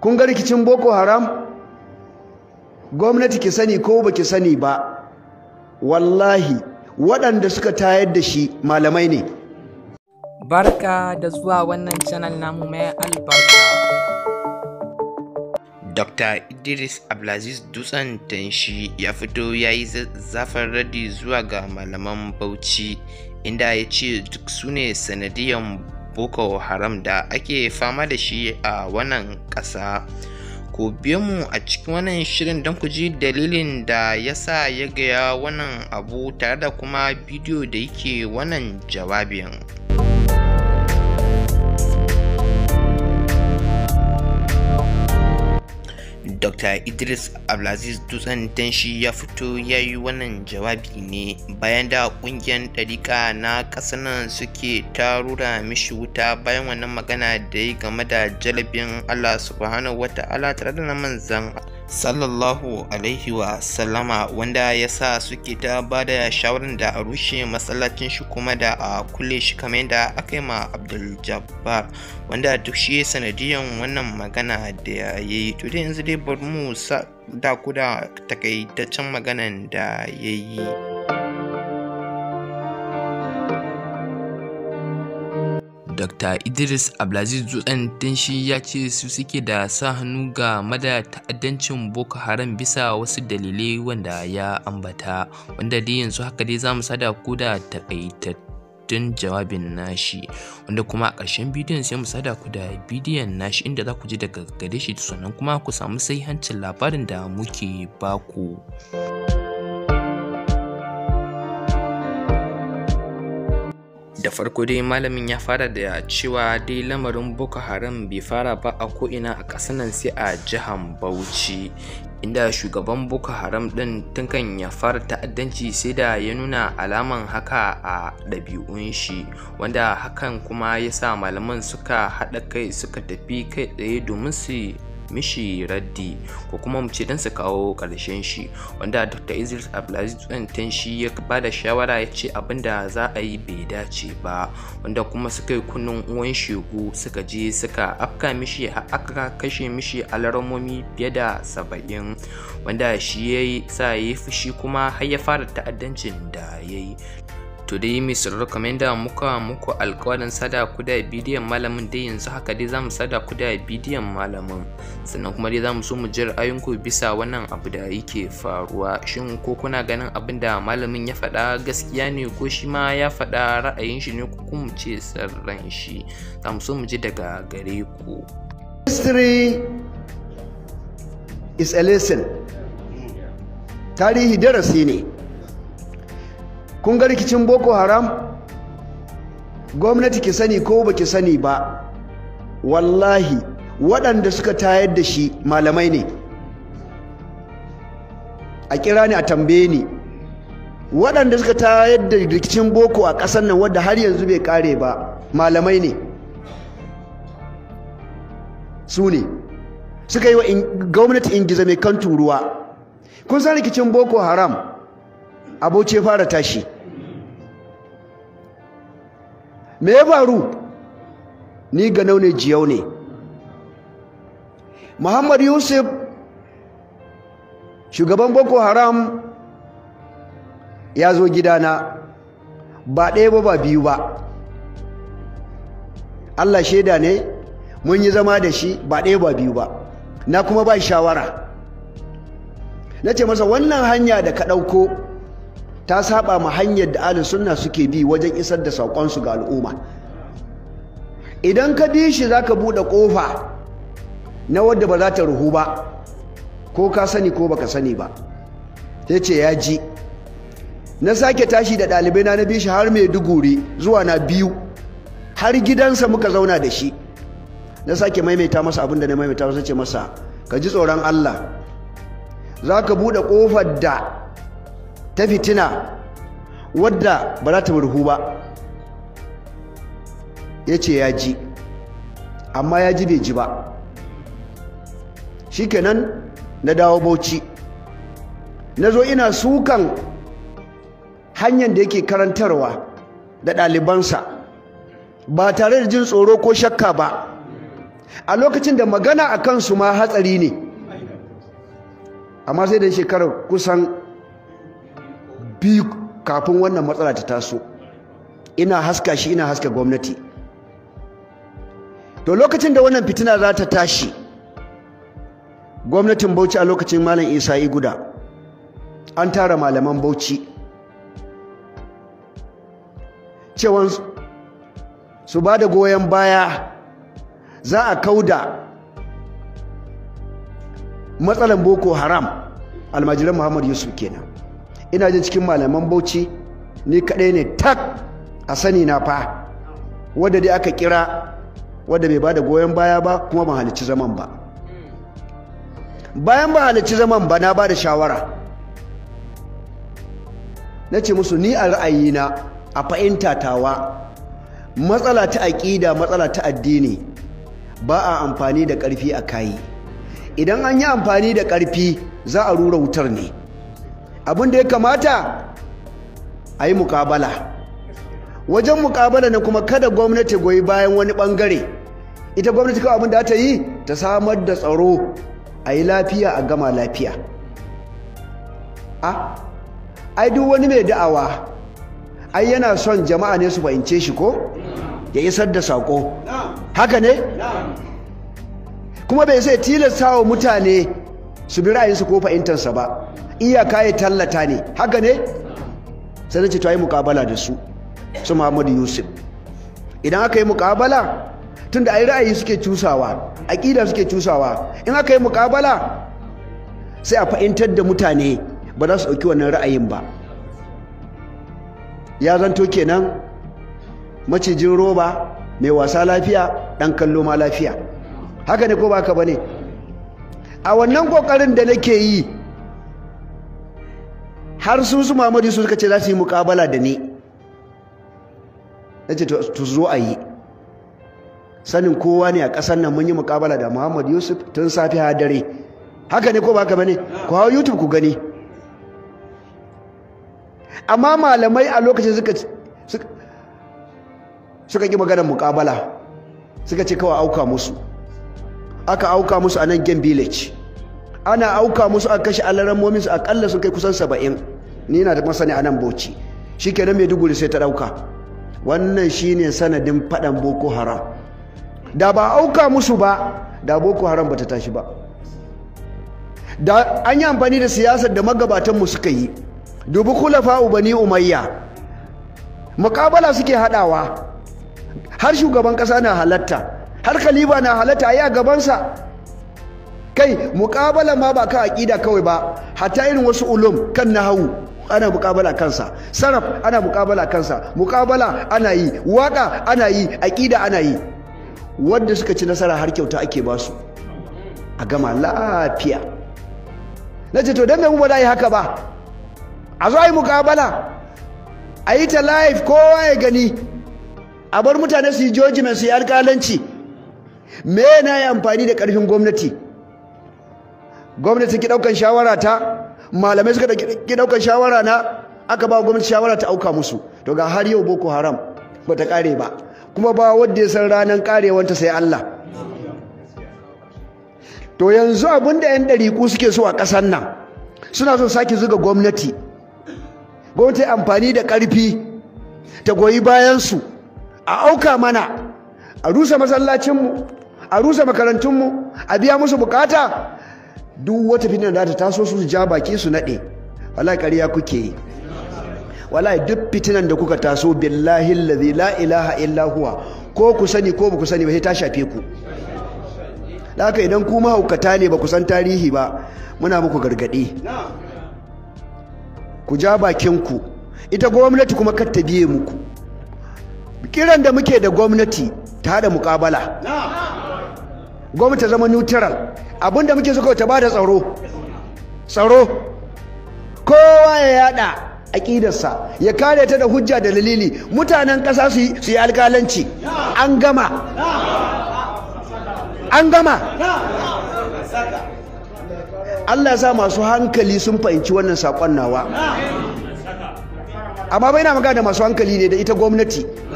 kun ga rikicin boko haram gwamnati ki sani ko ba ki sani ba wallahi waɗanda suka tayar da shi malamai ne barka da zuwa wannan canal namu mai albarka Dr. Idris Abdulaziz Dutsen Tanshi ya fito ya yi zafin radi zuwa ga malaman Bauchi inda ya ce duk su ne sanadiyan boko haram da ake fama da shi a wannan ƙasa ku biyo mu a cikin wannan shirin don ku ji dalilin da ya sa ya gaya wannan abu tare da kuma bidiyo da yake wannan jawabin dr idris abdulaziz dutsen Tenshi ya fito ya yi wannan jawabi ne bayan da kungiyar ɗarika na ƙasar suke tarura mishi wuta bayan wannan magana da ya game da jalabin allah subhanahu Ta'ala tare da na manzan sallallahu alaihi wa sallama wanda ya sa suke ta ba da shawarar da a rushe masallacin shi kuma da a kulle shi kamar yadda aka yi ma abdul jabbar wanda duk shi sanadiyan wannan magana da ya yi to dai yanzu dai bar mu sa da ku da takaitaccen maganan da ya yi dr idris abdulaziz zutsen don shi ya ce su suke da sa hannu ga mada ta'addancin boko haram bisa wasu dalilai wanda ya ambata wanda dai yanzu haka dai za mu sada ku da takaitattun jawabin nashi wanda kuma a ƙarshen bidiyon sai mu sada ku da bidiyon nashi inda za ku je daga gare shi sannan kuma ku samu sai hancin labarin da muke baku. da farko dai malamin ya fara da cewa dai lamarin boko haram bai fara ba a ko'ina a ƙasar nan sai a jihar bauchi inda shugaban boko haram ɗin tunkan ya fara ta'addanci sai da ya nuna alaman haka a ɗabi'un shi wanda hakan kuma ya sa malaman suka haɗa kai suka tafi kai tsaye domin su mishi raddi ko kuma mu ce don su kawo ƙarshen shi wanda dr idris abdulaziz tsantan shi ya ba da shawara ya ce abin da za a yi bai dace ba wanda kuma suka yi kunun uwan shegu suka je suka afka mishi aka kashe mishi alarmomi fiye da saba'in wanda shi ya sa ya yi fushi kuma har ya fara ta'addancin da ya yi Today Mr. Recommender muka muku alƙawarin sada ku da bidiyon malamin dai yanzu haka dai zamu sada ku da bidiyon malamin sannan kuma dai zamu so mu ji ra'ayinku bisa wannan abu da yake faruwa shin ko kuna ganin abin da malamin ya faɗa gaskiya ne ko shi ma ya faɗa ra'ayin shi ne ko kuma ce sirran shi zamu so mu ji daga gare ku history is a lesson tarihi darasi ne kun ga rikicin boko haram gwamnati ki sani ko baki sani ba wallahi waɗanda suka tayar da shi malamai ne a kira ni a tambaye ni waɗanda suka tayar da rikicin boko a ƙasar nan wadda har yanzu bai ƙare ba malamai ne su ne suka yi wa gwamnati ingiza mai kan turuwa kun san rikicin boko haram abuce fara tashi me ya faru ni ga ne jiyau ne muhammad yusuf shugaban boko haram ya zo gidana ba ɗaya ba ba biyu ba allah shaida ne mun yi zama da shi ba ɗaya ba biyu ba na kuma ba shawara na ce masa wannan hanya da ka ɗauko ta saba ma hanyar da ahlus sunna suke bi wajen isar da su ga al'umma idan ka bi shi zaka buɗe ƙofa na wadda ba za ta ruhu ba ko ka sani ko baka sani ba ya ce ya ji na sake tashi da ɗalibai na na bi shi har mai duguri zuwa na biyu har gidansa muka zauna da shi na sake maimaita masa abinda na maimaita masa ce masa ka ji tsoron Allah za ka buɗe ƙofar da ta fitina wadda ba za ta murhu ba ya ce ya ji amma ya ji bai ji ba shikenan na dawo bauchi na zo ina sukan hanyar da yake karantarwa da ɗalibansa ba tare da jin tsoro ko shakka ba a lokacin da magana a kansu ma hatsari ne amma sai da shekarar kusan biyu kafin wannan matsala ta taso ina haska shi ina haska gwamnati to lokacin da wannan fitina za ta tashi gwamnatin bauchi a lokacin malam isa iguda an tara malaman bauchi cewan su ba da goyon baya za a kauda matsalan boko haram almajiran muhammad yusuf kenan ina jin cikin malaman bauchi ni kaɗai ne tak a sani na fa wadda dai aka kira wadda bai ba da goyon baya ba kuma ba halicci zaman ba bayan ba halicci zaman ba na ba da shawara na ce musu ni a ra'ayina a fahimta tawa matsala ta aƙida matsala ta addini ba a amfani da ƙarfi a kayi idan an yi amfani da ƙarfi za a rura wutar ne abin da ya kamata a yi mukabala wajen mukabala na kuma kada gwamnati goyi bayan wani bangare ita gwamnati kawai abin da ta yi ta samar da tsaro a yi lafiya a gama lafiya a ai duk wani mai da'awa ai yana son jama'a ne su fahimce shi ko ya isar da saƙo haka ne kuma bai sai tilasta wa mutane su bi ra'ayinsu ko fahimtarsa ba iyaka ya tallata ne haka ne sai nace yi mukabala da su su Muhammadu Yusuf idan aka yi mukabala tunda ayi ra'ayi suke cusawa aƙida suke cusawa in aka yi mukabala sai a fahimtar da mutane ba za su ɗauki wannan ra'ayin ba ya zanto kenan macijin roba mai wasa lafiya ɗan kallo ma lafiya haka ne ko ba ka ba ne a wannan ƙoƙarin da nake yi har sun su Muhammadu su suka ce za su yi mukabala da ni ce to zo a yi sanin kowa ne a ƙasar nan mun yi mukabala da Muhammad Yusuf tun safi har dare haka ne ko ba ka bane ku hawo YouTube ku gani amma malamai a lokacin suka suka ki maganar mukabala suka ce kawai auka musu aka auka musu a nan Game Village ana auka musu a kashe alaran momin su akalla sun kai kusan saba'in ni na da masani a nan boci shi kenan mai duguri sai ta ɗauka wannan shi ne sanadin faɗan boko haram da ba auka musu ba da boko haram ba ta tashi ba da an yi amfani da siyasar da magabatan mu suka yi dubi kulafa ubani umayya mukabala suke haɗawa har shugaban ƙasa na halatta har kaliba na halatta a gabansa kai muƙabala ma ba kan aƙida kawai ba hatta irin wasu ulum kan nahawu ana muƙabala kansa sarraf ana muƙabala kansa muƙabala ana yi waƙa ana yi aƙida ana yi wanda suka ci nasara har kyauta ake ba su a gama lafiya na ce to dan mu ba za yi haka ba a zo a yi muƙabala a yi ta live kowa ya gani a bar mutane su yi jojimen su yi alƙalanci me na yi amfani da ƙarfin gwamnati gwamnati ki daukan shawara ta malamai suka ki daukan shawara na aka ba gwamnati shawara ta auka musu to ga har yau boko haram bata kare ba kuma ba wanda ya san ranar ta sai Allah to yanzu da yan dariku suke so a ƙasar nan suna so sake zuga gwamnati gwamnati amfani da karfi ta goyi bayan su a auka mana a rusa masallacinmu a rusa makarantunmu a biya musu bukata duk wata fitina da ta taso su ja baki su nade wallahi ƙarya kuke yi wallahi duk fitinan da kuka taso billahi allazi la ilaha illa huwa ko ku sani ko baku sani ba sai ta shafe ku da haka idan ku mahaukata ne ba ku san tarihi ba muna muku gargadi ku ja bakinku ita gwamnati kuma kar ta biye muku kiran da muke da gwamnati ta da muƙabala gwamnati zama neutral abinda muke so ta bada tsaro tsaro kowa ya yada aƙidarsa ya kare ta da hujja da dalili mutanen ƙasa su yi alƙalanci an gama an gama Allah ya sa masu hankali sun fahimci wannan saƙon nawa amma bai na magana da masu hankali ne da ita gwamnati